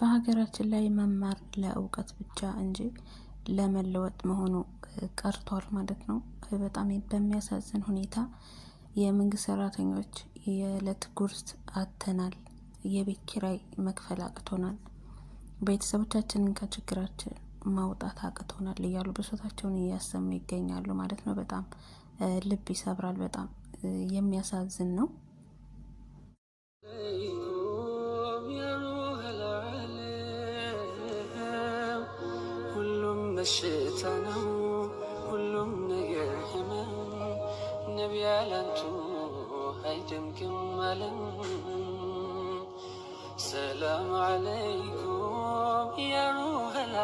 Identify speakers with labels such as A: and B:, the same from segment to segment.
A: በሀገራችን ላይ መማር ለእውቀት ብቻ እንጂ ለመለወጥ መሆኑ ቀርቷል ማለት ነው። በጣም በሚያሳዝን ሁኔታ የመንግስት ሰራተኞች የዕለት ጉርስ አተናል። የቤት ኪራይ መክፈል አቅቶናል። ቤተሰቦቻችንን ከችግራችን ማውጣት አቅቶናል እያሉ ብሶታቸውን እያሰሙ ይገኛሉ ማለት ነው። በጣም ልብ ይሰብራል። በጣም የሚያሳዝን ነው። መሽታ ነው ሁሉም ነገር ህመም ነቢ ያላንቱ አይደምግም አለም። ሰላም አለይኩም ያ ሩህል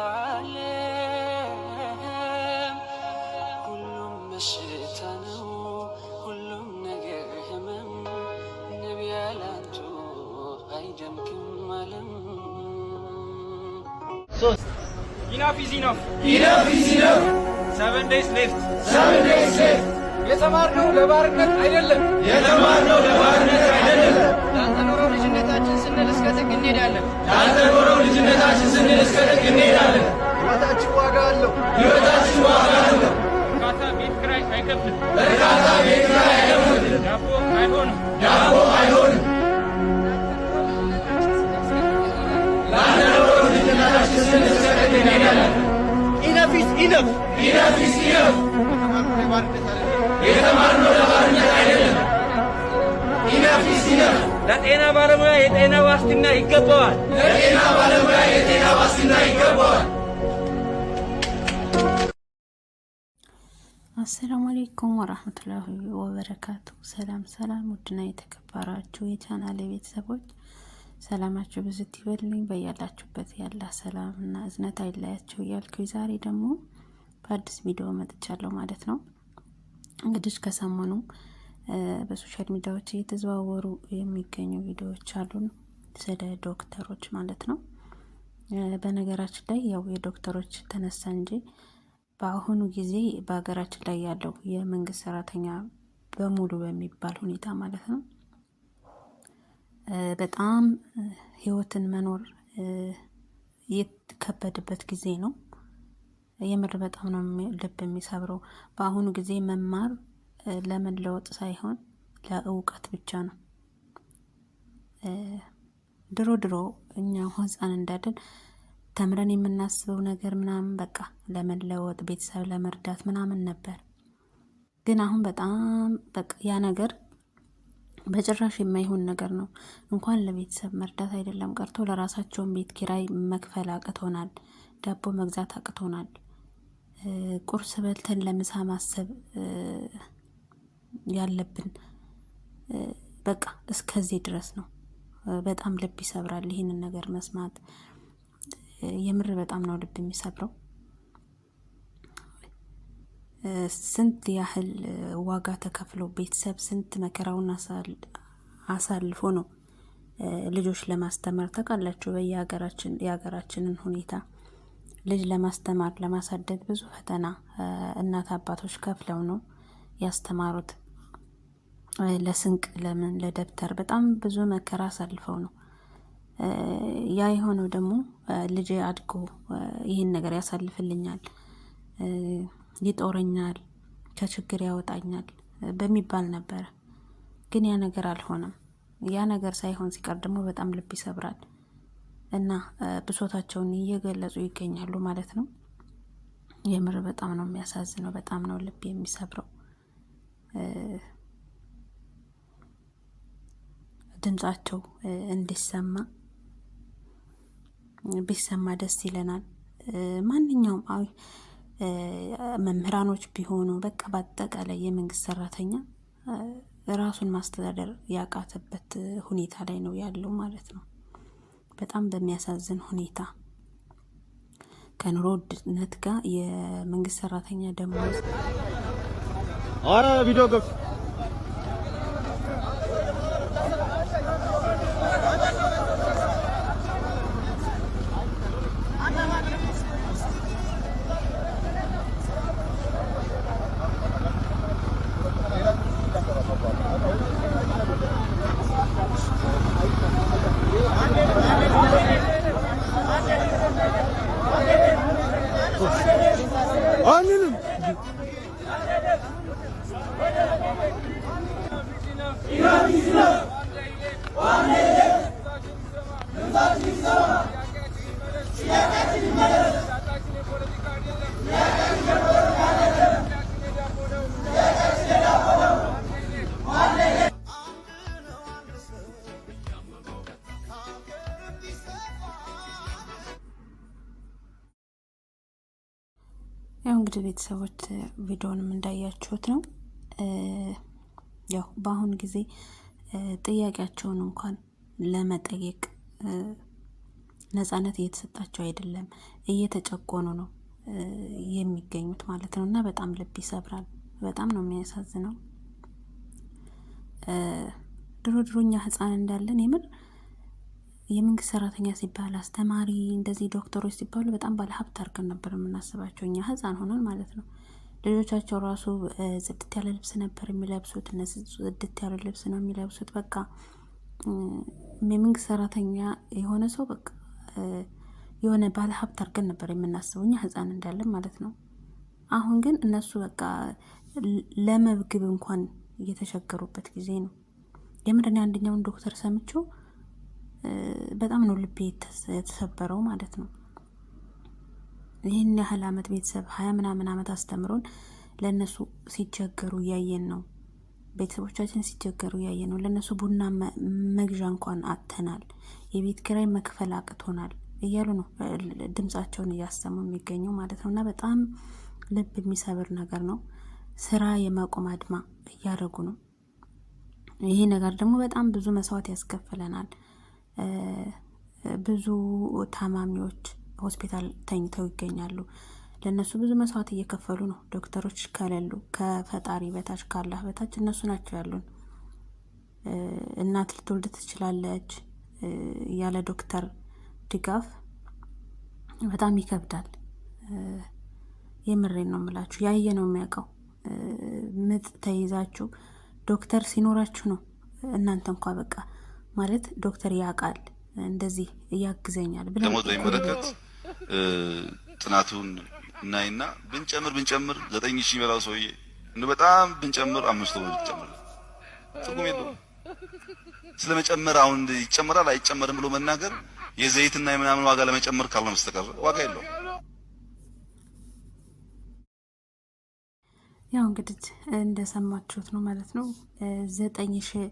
A: ሁሉም መሽታ ነው ሁሉም ነገር ህመም ነቢ ያላንቱ አይደምግም አለም ኢናፍ ኢዝ ኢናፍ ኢናፍ ኢዝ ኢናፍ ሰቨን ዴይስ ሌፍት ሰቨን ዴይስ ሌፍት የተማርነው ለባርነት አይደለም የተማርነው ለባርነት አይደለም ላልተኖረው ልጅነታችን ስንል እስከ ጥግ እንሄዳለን ላልተኖረው ልጅነታችን ስንል እስከ ጥግ እንሄዳለን ለጤና ባለሙያ የጤና ዋስትና ይገባዋል። ለጤና ባለሙያ የጤና ዋስትና ይገባዋል። አሰላሙ አሌይኩም ወራህመቱላሂ ወበረካቱ። ሰላም ሰላም፣ ውድና የተከበራችሁ የቻናሌ ቤተሰቦች ሰላማችሁ ብዙ ይበልልኝ። በያላችሁበት ያላ ሰላምና እዝነት አይለያችሁ እያልኩ ዛሬ ደግሞ በአዲስ ቪዲዮ መጥቻለሁ ማለት ነው። እንግዲህ ከሰሞኑ በሶሻል ሚዲያዎች እየተዘዋወሩ የሚገኙ ቪዲዮዎች አሉን ስለ ዶክተሮች ማለት ነው። በነገራችን ላይ ያው የዶክተሮች ተነሳ እንጂ በአሁኑ ጊዜ በሀገራችን ላይ ያለው የመንግስት ሰራተኛ በሙሉ በሚባል ሁኔታ ማለት ነው በጣም ህይወትን መኖር የተከበድበት ጊዜ ነው። የምር በጣም ነው ልብ የሚሰብረው። በአሁኑ ጊዜ መማር ለመለወጥ ሳይሆን ለእውቀት ብቻ ነው። ድሮ ድሮ እኛ ህፃን እንዳደን ተምረን የምናስበው ነገር ምናምን በቃ ለመለወጥ ቤተሰብ ለመርዳት ምናምን ነበር። ግን አሁን በጣም በቃ ያ ነገር በጭራሽ የማይሆን ነገር ነው። እንኳን ለቤተሰብ መርዳት አይደለም ቀርቶ ለራሳቸውን ቤት ኪራይ መክፈል አቅቶናል፣ ዳቦ መግዛት አቅቶናል። ቁርስ በልተን ለምሳ ማሰብ ያለብን በቃ እስከዚህ ድረስ ነው። በጣም ልብ ይሰብራል ይህንን ነገር መስማት። የምር በጣም ነው ልብ የሚሰብረው። ስንት ያህል ዋጋ ተከፍለው ቤተሰብ ስንት መከራውን አሳልፎ ነው ልጆች ለማስተማር ታውቃላችሁ፣ በየሀገራችን የሀገራችንን ሁኔታ ልጅ ለማስተማር ለማሳደግ ብዙ ፈተና እናት አባቶች ከፍለው ነው ያስተማሩት። ለስንቅ ለምን ለደብተር በጣም ብዙ መከራ አሳልፈው ነው ያ የሆነው። ደግሞ ልጄ አድጎ ይህን ነገር ያሳልፍልኛል፣ ይጦረኛል፣ ከችግር ያወጣኛል በሚባል ነበረ። ግን ያ ነገር አልሆነም። ያ ነገር ሳይሆን ሲቀር ደግሞ በጣም ልብ ይሰብራል። እና ብሶታቸውን እየገለጹ ይገኛሉ ማለት ነው። የምር በጣም ነው የሚያሳዝነው፣ በጣም ነው ልብ የሚሰብረው። ድምጻቸው እንዲሰማ ቢሰማ ደስ ይለናል። ማንኛውም አዊ መምህራኖች ቢሆኑ በቃ በአጠቃላይ የመንግስት ሰራተኛ ራሱን ማስተዳደር ያቃተበት ሁኔታ ላይ ነው ያለው ማለት ነው። በጣም በሚያሳዝን ሁኔታ ከኑሮ ውድነት ጋር የመንግስት ሰራተኛ ደሞዝ ኧረ ቪዲዮ ያው እንግዲህ ቤተሰቦች ቪዲዮንም እንዳያችሁት ነው። ያው በአሁን ጊዜ ጥያቄያቸውን እንኳን ለመጠየቅ ነጻነት እየተሰጣቸው አይደለም፣ እየተጨቆኑ ነው የሚገኙት ማለት ነው። እና በጣም ልብ ይሰብራል። በጣም ነው የሚያሳዝነው። ድሮ ድሮ እኛ እንዳለን የምር የመንግስት ሰራተኛ ሲባል አስተማሪ፣ እንደዚህ ዶክተሮች ሲባሉ በጣም ባለሀብት አድርገን ነበር የምናስባቸው እኛ ህፃን ሆነን ማለት ነው። ልጆቻቸው ራሱ ጽድት ያለ ልብስ ነበር የሚለብሱት። እነዚህ ጽድት ያለ ልብስ ነው የሚለብሱት። በቃ የመንግስት ሰራተኛ የሆነ ሰው በቃ የሆነ ባለሀብት አድርገን ነበር የምናስበው እኛ ህፃን እንዳለን ማለት ነው። አሁን ግን እነሱ በቃ ለመግብ እንኳን እየተቸገሩበት ጊዜ ነው። የምድን አንደኛውን ዶክተር ሰምቼው በጣም ነው ልቤ የተሰበረው ማለት ነው። ይህን ያህል አመት ቤተሰብ ሀያ ምናምን አመት አስተምሮን ለእነሱ ሲቸገሩ እያየን ነው። ቤተሰቦቻችን ሲቸገሩ እያየን ነው። ለእነሱ ቡና መግዣ እንኳን አጥተናል። የቤት ኪራይ መክፈል አቅቶናል እያሉ ነው ድምጻቸውን እያሰሙ የሚገኙ ማለት ነው። እና በጣም ልብ የሚሰብር ነገር ነው። ስራ የማቆም አድማ እያደረጉ ነው። ይሄ ነገር ደግሞ በጣም ብዙ መስዋዕት ያስከፍለናል። ብዙ ታማሚዎች ሆስፒታል ተኝተው ይገኛሉ። ለእነሱ ብዙ መስዋዕት እየከፈሉ ነው። ዶክተሮች ከሌሉ ከፈጣሪ በታች ካላህ በታች እነሱ ናቸው ያሉን። እናት ልትወልድ ትችላለች፣ ያለ ዶክተር ድጋፍ በጣም ይከብዳል። የምሬን ነው የምላችሁ። ያየ ነው የሚያውቀው። ምጥ ተይዛችሁ ዶክተር ሲኖራችሁ ነው እናንተ እንኳ በቃ ማለት ዶክተር ያውቃል እንደዚህ እያግዘኛል ብለ ደሞዝ በሚመለከት ጥናቱን እናይና ብንጨምር ብንጨምር ዘጠኝ ሺ የሚበላው ሰውዬ እንደ በጣም ብንጨምር አምስት ወር ብንጨምር ትርጉም የለውም። ስለመጨመር አሁን ይጨመራል አይጨመርም ብሎ መናገር የዘይትና የምናምን ዋጋ ለመጨመር ካልሆነ መስተቀር ዋጋ የለው። ያው እንግዲህ እንደሰማችሁት ነው ማለት ነው ዘጠኝ ሺህ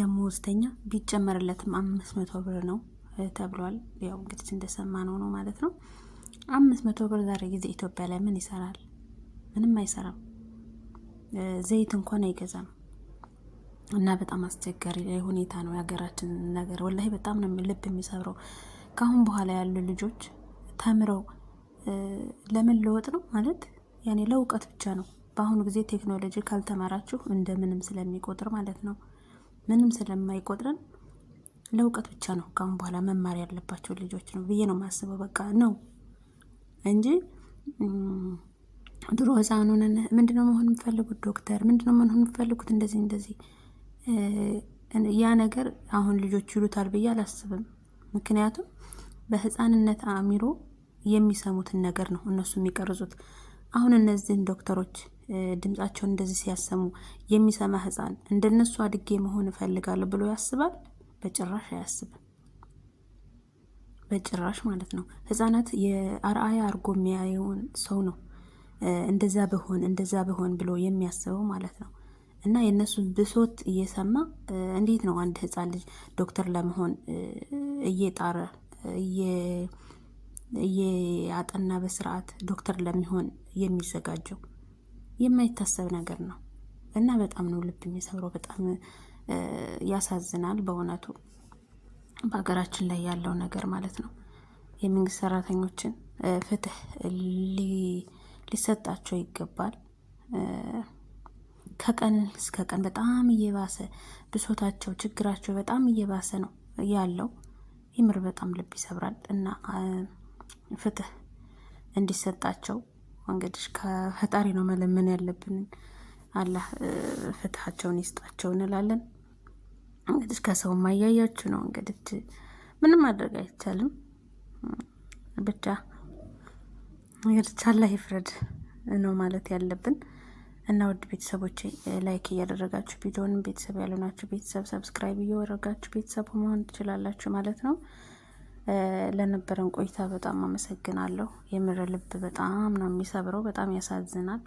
A: ደግሞ ውስተኛ ቢጨመርለትም አምስት መቶ ብር ነው ተብሏል። ያው እንግዲህ እንደሰማ ነው ማለት ነው። አምስት መቶ ብር ዛሬ ጊዜ ኢትዮጵያ ላይ ምን ይሰራል? ምንም አይሰራም። ዘይት እንኳን አይገዛም። እና በጣም አስቸጋሪ ሁኔታ ነው የሀገራችን ነገር። ወላሂ በጣም ነው ልብ የሚሰብረው። ከአሁን በኋላ ያሉ ልጆች ተምረው ለምን ለወጥ ነው ማለት ያኔ ለእውቀት ብቻ ነው። በአሁኑ ጊዜ ቴክኖሎጂ ካልተማራችሁ እንደምንም ስለሚቆጥር ማለት ነው። ምንም ስለማይቆጥረን ለእውቀት ብቻ ነው ካሁን በኋላ መማር ያለባቸው ልጆች ነው ብዬ ነው የማስበው። በቃ ነው እንጂ ድሮ ህፃኑንን ምንድነው መሆን የምፈልጉት? ዶክተር ምንድነው መሆን የምፈልጉት? እንደዚህ እንደዚህ ያ ነገር አሁን ልጆች ይሉታል ብዬ አላስብም። ምክንያቱም በህፃንነት አእምሮ የሚሰሙትን ነገር ነው እነሱ የሚቀርጹት። አሁን እነዚህን ዶክተሮች ድምጻቸውን እንደዚህ ሲያሰሙ የሚሰማ ህፃን እንደነሱ አድጌ መሆን እፈልጋለሁ ብሎ ያስባል? በጭራሽ አያስብም። በጭራሽ ማለት ነው። ህፃናት የአርአያ አድርጎ የሚያየውን ሰው ነው እንደዛ ብሆን እንደዛ ብሆን ብሎ የሚያስበው ማለት ነው። እና የእነሱ ብሶት እየሰማ እንዴት ነው አንድ ህፃን ልጅ ዶክተር ለመሆን እየጣረ አጠና በስርዓት ዶክተር ለሚሆን የሚዘጋጀው የማይታሰብ ነገር ነው እና በጣም ነው ልብ የሚሰብረው። በጣም ያሳዝናል በእውነቱ በሀገራችን ላይ ያለው ነገር ማለት ነው። የመንግስት ሰራተኞችን ፍትህ ሊሰጣቸው ይገባል። ከቀን እስከ ቀን በጣም እየባሰ ብሶታቸው፣ ችግራቸው በጣም እየባሰ ነው ያለው። ይምር በጣም ልብ ይሰብራል እና ፍትህ እንዲሰጣቸው እንግዲህ ከፈጣሪ ነው መለመን ያለብን። አላህ ፍትሃቸውን ይስጣቸው እንላለን። እንግዲህ ከሰው ማያያችሁ ነው። እንግዲህ ምንም ማድረግ አይቻልም። ብቻ እንግዲህ አላህ ይፍረድ ነው ማለት ያለብን እና ውድ ቤተሰቦች ላይክ እያደረጋችሁ ቪዲዮንም ቤተሰብ ያልሆናችሁ ቤተሰብ ሰብስክራይብ እያደረጋችሁ ቤተሰብ መሆን ትችላላችሁ ማለት ነው። ለነበረን ቆይታ በጣም አመሰግናለሁ። የምር ልብ በጣም ነው የሚሰብረው። በጣም ያሳዝናል።